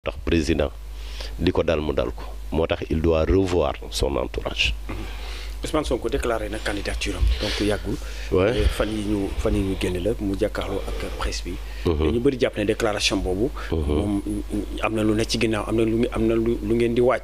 tax président li ko dal mu dal ko moo tax il doit revoir son entourage. Mm-hmm. Ousmane ko déclaré na candidature am donc yàggul. fan yi ñu fan yi ñu génn la mu jàkkaarloo ak presse bi. Mm-hmm. ñu bëri jàpp ne déclaration boobu. Mm-hmm. moom am na lu ne ci ginnaaw am na lu am na lu ngeen di waaj.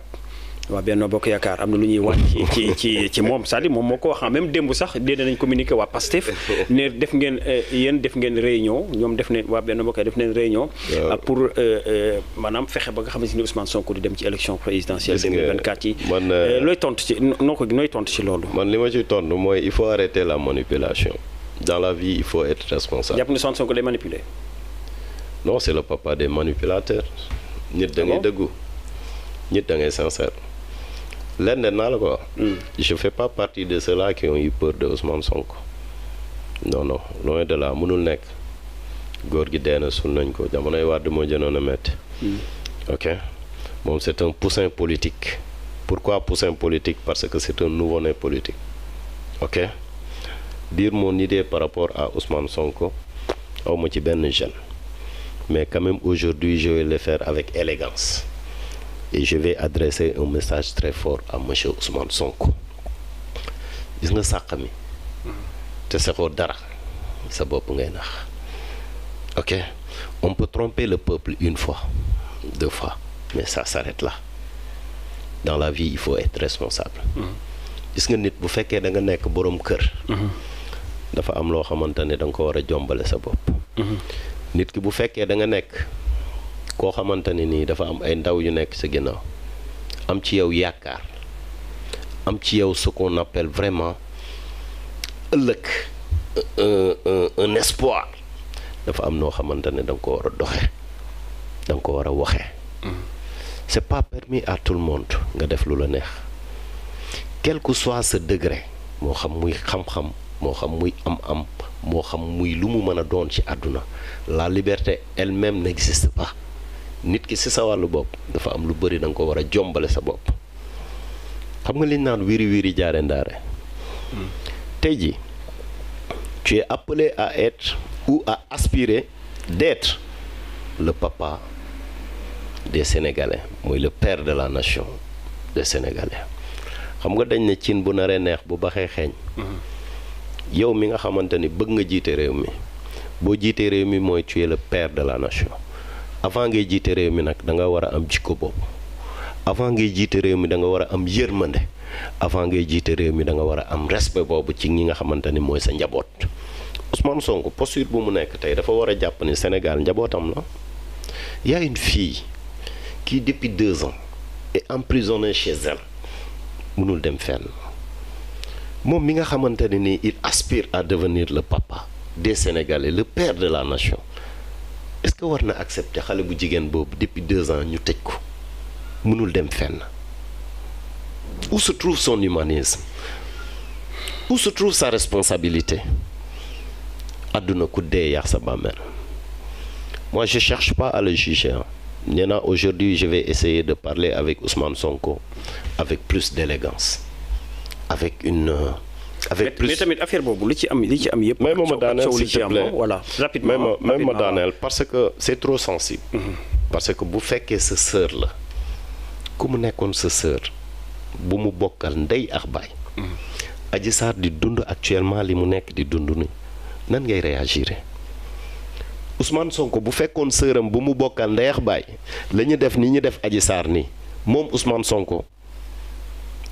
waaw Benno Bokk Yaakaar am na lu ñuy wax ci ci ci moom c'est-à-dire moom moo ko wax ah, même démb sax dee nañ communiqué waa Pastef ne def ngeen euh, yéen def ngeen réunion ñoom def ne waa benn Benno Bokk def neen réunion ah, pour euh, euh, maanaam fexe ba nga xam ne si ni Ousmane Sonko di dem ci élection présidentielle 2024 yi man looy ko nooy tontu ci loolu man li ma ciy tontu mooy il faut arrêter la manipulation dans la vie il faut être responsable jàpp ne le papa de manipulateurs nit da ah ngay dëggu nit da ngay sincère lenn naa la ko wax. Mm. je fais pas partie de ceux-là qui ont eu peur de Ousmane Sonko. non non loin de là mënul nekk góor gi dee na suul nañ ko jamonoy Wade moo jënoon a métti. Mm. ok moom c' est un poussin politique. pourquoi poussin politique parce que c' est un nouveau-né politique. ok dire mon idée par rapport à Ousmane Sonko aw ma ci benn jeune mais quand même aujourd'hui je vais le faire avec élégance et je vais adresser un message très fort à monsieur Ousmane sonk gis nga sàq mi te sexoo dara sa bopp ngay nax ok on peut tromper le peuple une fois deux fois mais ça s'arrête la dans la vie il faut être responsable gis nga nit bu fekkee da nga nekk boroom kër dafa am loo xamante ne da nga ko war a jombale sa bopp mhm. nit ki bu fekkee da nga nekk koo xamante ne nii dafa am ay ndaw yu nekk sa ginnaaw am ci yow yaakaar am ci yow ce qu'on appelle vraiment ëllëg un un espoir dafa am noo xamante ne da ko war a doxe da ko war a waxe mm-hmm. c'est pas permis à tout le monde nga def lu la neex quelque que soit ce degré moo xam muy xam-xam moo xam muy am-am moo xam muy lu mu mën a doon ci àdduna la liberté elle-même n'existe pas nit ki si sa wàllu bopp dafa am lu bari danga ko war a jombale sa bopp xam nga li naan wiri wiri jaare ndaare tey ji tu es appelé à être ou à aspirer d'être le papa de Sénégalais mooy le père de la nation de Sénégalais xam nga dañ ne cin bu naree neex bu baxee xeeñ yow mi nga xamante ni bëgg nga jiite réew mi boo jiitee réew mi mooy tu es le père de la nation avant ngay jiite réew mi nag danga war a am jikko boobu avant ngay jiite réew mi da nga war a am yërmande avant ngay jiite réew mi da nga war a am respect boobu ci ñi nga xamante ni mooy sa njaboot Ousmane Sonko posture bu mu nekk tey dafa war a jàpp ni Sénégal njabootam la y a une fille qui depuis deux ans est emprisonnée chez elle mënul dem fenn moom mi nga xamante ne ni il aspire à devenir le papa des Sénégalais le père de la nation est-ce que war na accepter xale bu jigéen boobu depuis deux ans ñu tëj ko mënul dem fenn où se trouve son humanisme où se trouve sa responsabilité àdduna ku dee yaax sa bàmmeel moi je cherche pas à le juger nee naa aujourd'hui je vais essayer de parler avec Ousmane Sonko avec plus d'élégance avec une euh, avec plus mais tamit affaire boobu li ci am li ci am yëpp. même ma daaneel s'il te plaît voilà rapidement même ma daaneel parce que c'est trop sensible. Mhm. parce que bu fekkee sa sœur la ku mu nekkoon sa sœur bu mu bokkal ndey ak baay. Mhm. Adji Sarr di dund actuellement li mu nekk di dund ni nan ngay réagir Ousmane Sonko bu fekkoon sëram bu mu bokkal ndey ak baay la def ni ñu def Adji Sarr ni moom Ousmane Sonko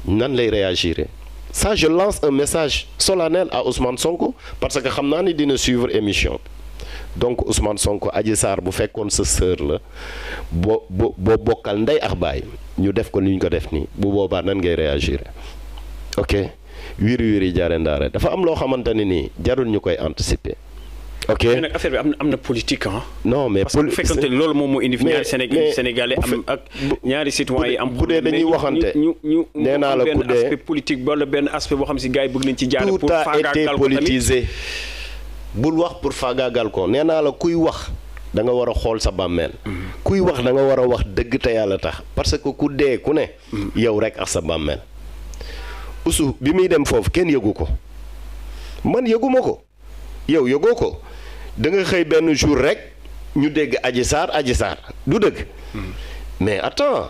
nan lay réagir. ça lance un message solennel à Ousmane sonk parce que xam naa ni dina suivre émission donc Ousmane Sonko Adji Sarr bu fekkoon sa sœur la bo boo boo bokkal ndey ak baay ñu def ko ni ko def nii bu boobaa nan ngay réagir ok wiir wiir yi jaare ndaare dafa am loo xamante ne nii jarul ñu koy anticiper ok mais nag affaire bi am na am na politique ah. non mais parce que bu loolu moom moo indi. mais ñaari sénégalais am ak ñaari citoyen yi am. bu dee dañuy waxante ñu ñu nee naa la ku dee benn benn aspect boo xam si gars yi bëgg nañ ci jaaree. pour faagaagal ko politisé. bul wax pour faagaagal ko nee naa la kuy wax. da nga war a xool sa bàmmeel. Mm-hmm. kuy wax da nga war a wax dëgg te yàlla tax parce que ku dee ku ne. Mm-hmm. yow rek ak sa bàmmeel. usu bi muy dem foofu kenn yëgu ko man yëguma ko yow yëgoo ko. da nga xëy benn jour rek ñu dégg Adji Sarr Adji Sarr du dëgg. mais attends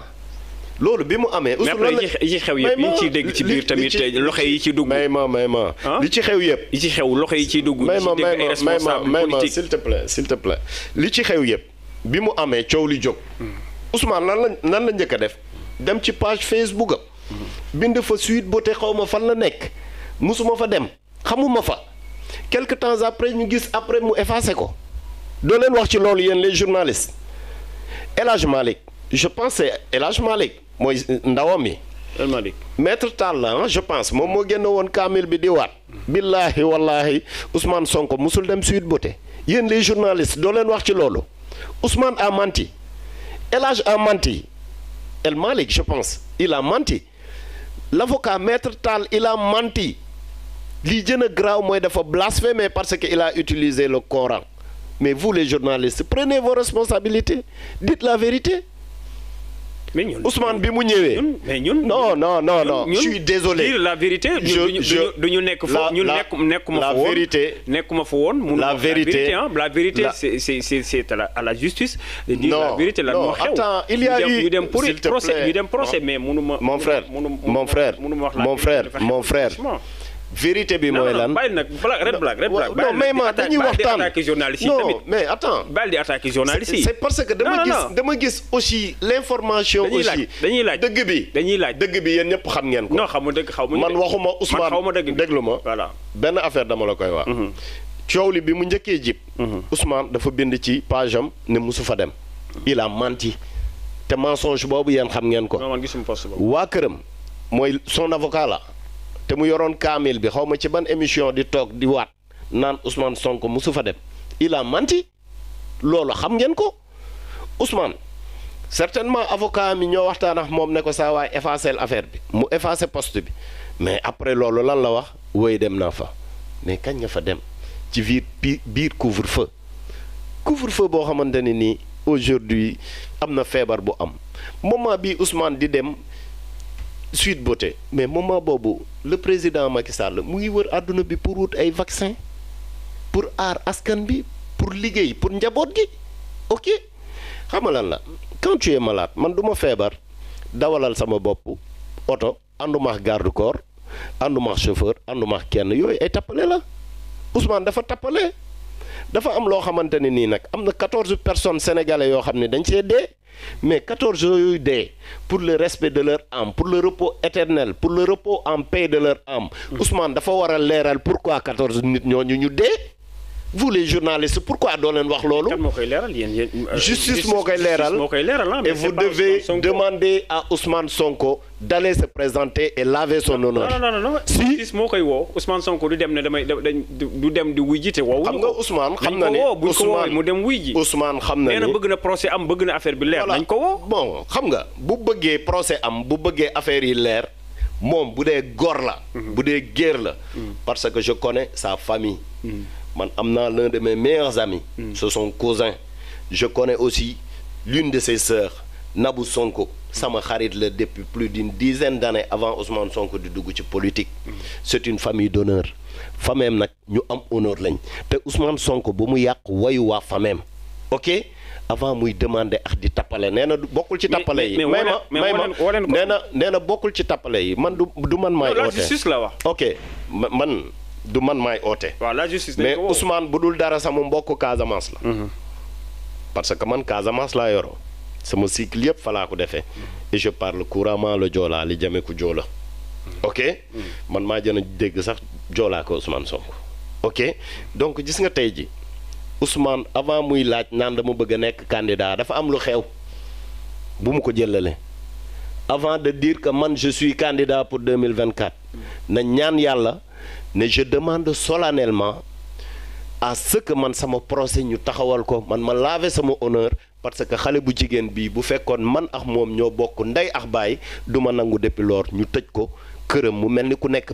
loolu bi mu amee. usul lan yi xew yëpp yi ciy dégg ci biir tamit loxo yi ci dugg. may ma may ma ah? li ci xew yëpp. yi xew loxo yi ciy dugg. may ma may ma s'il te plaît s'il te plaît li ci xew yëpp bi mu amee coow li jóg. Hmm. Ousmane lan la lan la njëkk a def dem ci page Facebook am. Hmm. bind fa suite boo te xaw ma fan la nekk mosuma fa dem xamuma fa. quelque temps après ñu gis après mu effacé ko doo leen wax ci loolu yéen les journalistes El Hadj Malick je pense El Hadj mooy ndawam mi El Malick maître Talla ah, je pense moom moo génn woon kaamil bi di waat. billaahi wallaahi Ousmane Sonko musul dem Sweet Beauté yéen les journalistes doo leen wax ci loolu Ousmane a manti El Hadj a menti El Malick je pense il manti menti l'avocat maître Tall il a manti lii gën a graaw mooy dafa blasphémer parce que il a utilisé le Coran mais vous les journalistes prenez vos responsabilités dites la vérité. mais ñun Ousmane bi mu ñëwee. mais ñun non non non non. je suis désolé dire la vérité. je je du ñu nekk fa ñun nekkuma fa woon la nekkuma fa woon la vérité la vérité c'est c'est la justice. de la vérité attends il y a eu ñu dem pour procès dem procès mais mënuma. mon frère mon frère mon frère mon frère. vérité bi mooy lan non bàyyi nag red black mais ma dañuy waxtaan bàyyi di attaqué journaliste yi tamit mais attends. bàyyi di attaqué journaliste dama gis dama gis aussi l'information. aussi dañuy laaj dëgg bi dañuy laaj dëgg bi yéen ñëpp xam ngeen ko. non xamu dëgg xaw ma man waxuma Ousmane xaw ma dëgg déglu ma. voilà benn affaire dama la koy wax. Mhm. coow li bi mu njëkkee jib. Mhm. Ousmane dafa bind ci page am ne fa dem. il a menti te mensonge boobu yéen xam ngeen ko. non man gisuma poste boobu waa këram mooy son avocat la te mu yoroon kaamil bi xaw ma ci ban émission di toog di waat naan Ousmane Sonko mosu fa dem il a menti loolu xam ngeen ko Ousmane certainement avocat mi ñoo waxtaan ak moom ne ko saa waay effacer affaire bi mu effacer poste bi mais après loolu lan la wax woy dem naa fa mais kañ nga fa dem ci biir biir couvre-feu couvre-feu boo xamante ne nii aujourd'hui am na feebar bu am moment bi Ousmane di dem. Sweet Beauté mais moment boobu le président Macky Sall mu ngi wër àdduna bi pour wut ay vaccin pour aar askan bi pour liggéey pour njaboot gi ok xam lan la quand tu es man duma feebar dawalal sama bopp oto àndumaax garde corps àndumaax chauffeur àndumaax kenn yooyu ay tappale la Ousmane dafa tappale dafa am loo xamante ne nii nag am na 14 personnes sénégalais yoo xam ne dañ see dee mais 14 jours yooyu dee pour le respect de leur âme pour le repos éternel pour le repo en paix de leur âme mm. Ousmane dafa war a leeral pourquoi 14 nit ñooñu ñu dee vous les journalistes pourquoi doo leen wax loolu. Euh, justice moo koy leeral et vous devez demander à Ousmane Sonko d'aller se présenter et laver son honneur. non non non si justice moo koy woo usman Sonko du dem ne damay du dem di wuy ji te woowuñu xam nga Ousmane xam na ne Ousmane mu dem wuy ji Ousmane xam na ne nee na bëgg na procès am bëgg na affaire bi leer nañ ko woo. bon xam nga bu bëggee procès am bu bëggee affaire yi leer. moom bu dee góor la. Mhm. bu dee géer la. Mhm. parce que je connais sa famille. Mhm. man am naa l'un de mes meilleurs amis. ce sont cousins. je connais aussi l'une de ses sœurs nabu Sonko. sama xarit la depuis plus d'une dizaine d'années avant Ousmane sonk di dugg ci politique. c'est une famille d'honneur. fameem nag ñu am honneur lañ te Ousmane Sonko ba mu yàq wayu waa fameem ok avant muy demander ak di tappale nee na bokkul ci tappale yi. may ma may nee na nee na bokkul ci tappale yi man du du man maay oote. la la wax. ok man du man maay oote. waaw la justice mais Ousmane bu dul dara sama mbokk Casamance la. Mhm. parce que man Casamance laa yoro sama cycle yëpp fa laa ko defee et je parle couramment la joolaa li jame ku joola ok mhm. man maa jën a dégg sax joolaa ko Ousmane ok donc gis nga tey ji Ousmane avant muy laaj naan dama bëgg a nekk candidat dafa am lu xew bu mu ko jëlale avant de dire que man je suis candidat pour 2024 na ñaan yàlla ne je demande solennellement à ce man sama procès ñu taxawal ko man ma laave sama honneur parce que xale bu jigéen bii bu fekkoon man ax moom ñoo bokk ndey ak baay du ma nangu depuis ñu tëj ko këram mu mel ni ku nekk